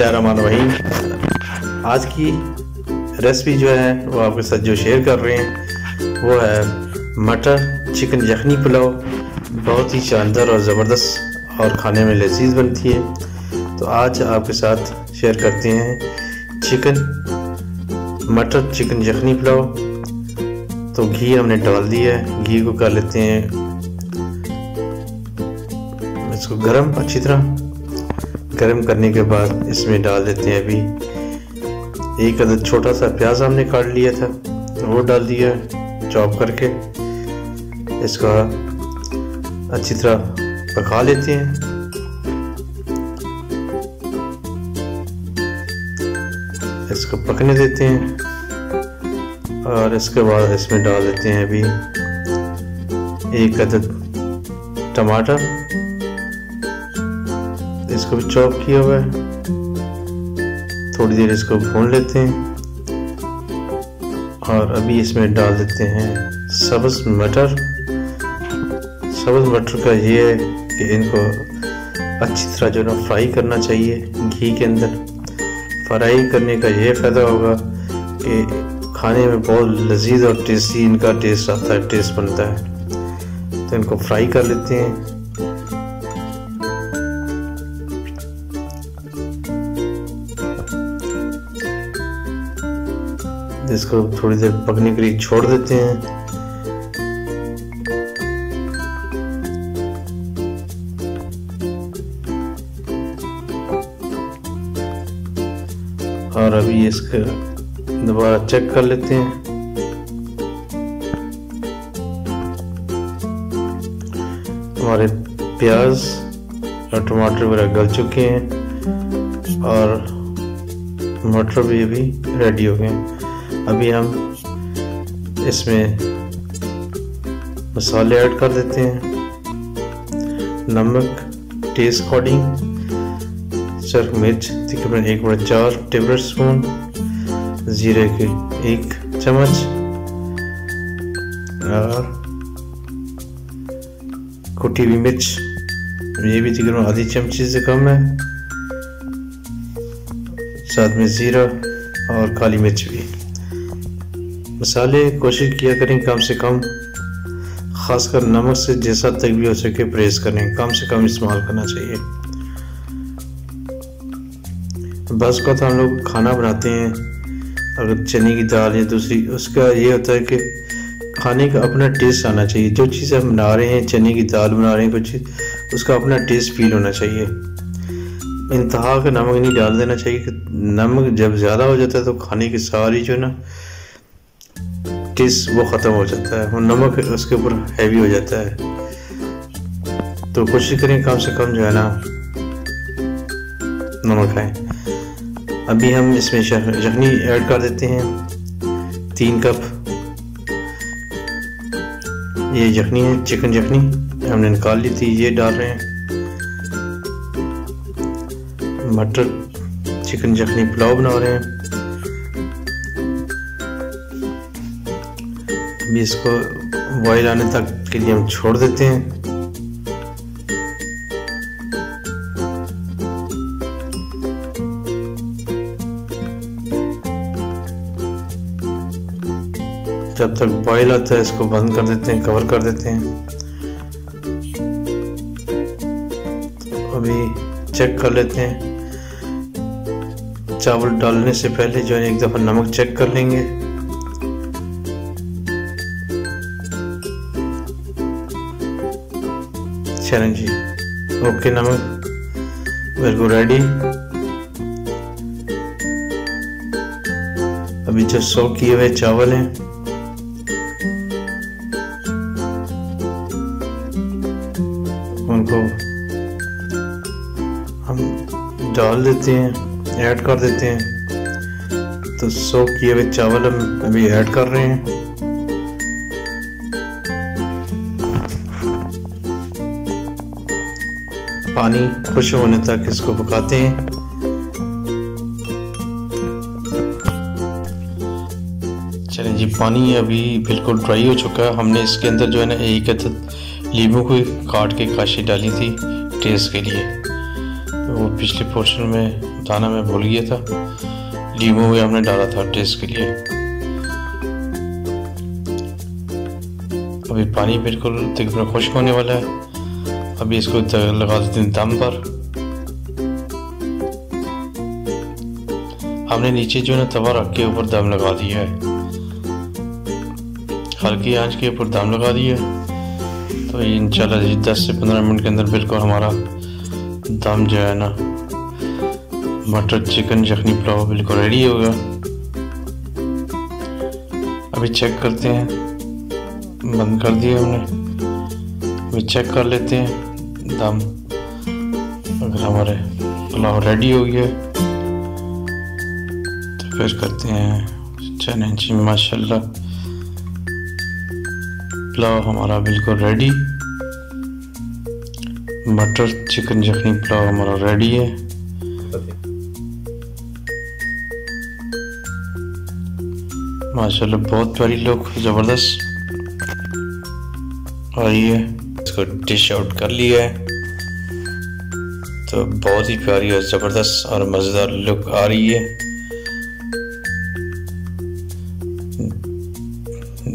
रहीम आज की रेसिपी जो है वो आपके साथ जो शेयर कर रहे हैं वो है मटर चिकन यखनी पुलाव बहुत ही शानदार और ज़बरदस्त और खाने में लजीज बनती है तो आज आपके साथ शेयर करते हैं चिकन मटर चिकन यखनी पुलाव तो घी हमने डाल दिया है घी को कर लेते हैं इसको गर्म अच्छी तरह गर्म करने के बाद इसमें डाल देते हैं अभी एक अदर छोटा सा प्याज हमने काट लिया था वो डाल दिया चॉप करके इसका अच्छी तरह पका लेते हैं इसको पकने देते हैं और इसके बाद इसमें डाल देते हैं अभी एक अदद टमाटर इसको भी चॉप किया हुआ है थोड़ी देर इसको भून लेते हैं और अभी इसमें डाल देते हैं सब्ज मटर सब्ज मटर का ये है कि इनको अच्छी तरह जो है ना फ्राई करना चाहिए घी के अंदर फ्राई करने का ये फ़ायदा होगा कि खाने में बहुत लजीज और टेस्टी इनका टेस्ट आता है टेस्ट बनता है तो इनको फ्राई कर लेते हैं इसको थोड़ी देर पकने के लिए छोड़ देते हैं और अभी इसका दोबारा चेक कर लेते हैं हमारे प्याज और टमाटर वगैरह गल चुके हैं और मटर भी अभी रेडी हो गए हैं अभी हम इसमें मसाले ऐड कर देते हैं नमक टेस्ट अकॉर्डिंग सर्फ मिर्च तकरीबन एक बड़ा चार टेबल स्पून ज़ीरे के एक चम्मच और कुटी हुई मिर्च ये भी तकरीबन आधी चमची से कम है साथ में ज़ीरा और काली मिर्च भी मसाले कोशिश किया करें कम से कम खासकर नमक से जैसा तक भी हो सके प्रेस करें कम से कम इस्तेमाल करना चाहिए बस का तो हम लोग खाना बनाते हैं अगर चने की दाल या दूसरी उसका ये होता है कि खाने का अपना टेस्ट आना चाहिए जो चीज़ हम बना रहे हैं चने की दाल बना रहे हैं कुछ चीज़ उसका अपना टेस्ट फील होना चाहिए इंतहा का नमक नहीं डाल देना चाहिए कि नमक जब ज़्यादा हो जाता है तो खाने की सारी जो है ना टेस्ट वो ख़त्म हो जाता है वो नमक उसके ऊपर हैवी हो जाता है तो कोशिश करें कम से कम जो है ना नमक लाएँ अभी हम इसमें जखनी ऐड कर देते हैं तीन कप ये जखनी है चिकन जखनी हमने निकाल ली थी ये डाल रहे हैं मटर चिकन जखनी पुलाव बना रहे हैं अभी इसको बॉयल आने तक के लिए हम छोड़ देते हैं जब तक बॉयल आता है इसको बंद कर देते हैं कवर कर देते हैं अभी चेक कर लेते हैं चावल डालने से पहले जो है एक दफ़ा नमक चेक कर लेंगे challenging. Okay, Namak, we're go ready. अभी जो सौ किए हुए चावल हैं उनको हम डाल देते हैं ऐड कर देते हैं तो सो किए हुए चावल हम अभी ऐड कर रहे हैं पानी खुश होने तक इसको पकाते हैं चलें जी पानी अभी बिल्कुल ड्राई हो चुका है हमने इसके अंदर जो है ना एक अदद लीमू को काट के काशी डाली थी टेस्ट के लिए तो वो पिछले पोर्शन में दाना में भूल गया था लीमू भी हमने डाला था टेस्ट के लिए अभी पानी बिल्कुल तकरीबन खुश होने वाला है अभी इसको लगा देते हैं दम पर हमने नीचे जो है तवा रख के ऊपर दम लगा दिया है हल्की आंच के ऊपर दम लगा दिया है तो इंशाल्लाह जी दस से पंद्रह मिनट के अंदर बिल्कुल हमारा दम जो है ना मटर चिकन यखनी पुलाव बिल्कुल रेडी होगा अभी चेक करते हैं बंद कर दिया हमने अभी चेक कर लेते हैं दम अगर हमारे पुलाव रेडी हो गया तो फिर करते हैं चने जी माशाल्लाह पुलाव हमारा बिल्कुल रेडी मटर चिकन जखनी पुलाव हमारा रेडी है माशाल्लाह बहुत प्यारी लुक ज़बरदस्त और ये इसको डिश आउट कर लिया है तो बहुत ही प्यारी और ज़बरदस्त और मज़ेदार लुक आ रही है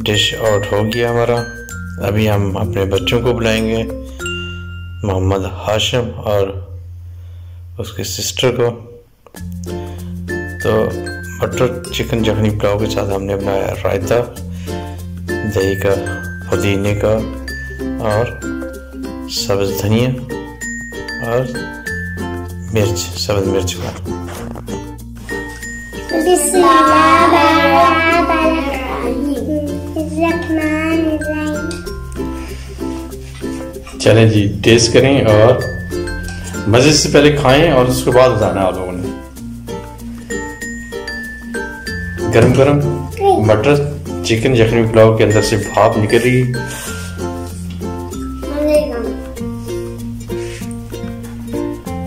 डिश आउट हो गया हमारा अभी हम अपने बच्चों को बुलाएंगे मोहम्मद हाशम और उसके सिस्टर को तो बटर चिकन जखनी पुलाव के साथ हमने बनाया रायता दही का पुदीने का और सब्ज धनिया और मिर्च सब्ज मिर्च का चलें जी टेस्ट करें और मज़े से पहले खाएं और उसके बाद बताना आप लोगों ने गरम गरम मटर चिकन यखनी पुलाव के अंदर से भाप निकल रही है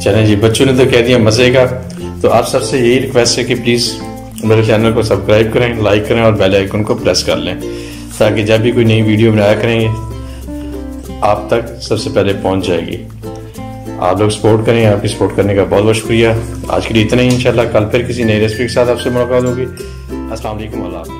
चले जी बच्चों ने तो कह दिया मज़े का तो आप सबसे यही रिक्वेस्ट है कि प्लीज़ मेरे चैनल को सब्सक्राइब करें लाइक करें और बेल आइकन को प्रेस कर लें ताकि जब भी कोई नई वीडियो बनाया करेंगे आप तक सबसे पहले पहुंच जाएगी आप लोग सपोर्ट करें आपकी सपोर्ट करने का बहुत बहुत शुक्रिया आज के लिए इतना ही इंशाल्लाह कल फिर किसी नई रेसिपी के साथ आपसे मुलाकात होगी अस्सलाम वालेकुम अल्लाह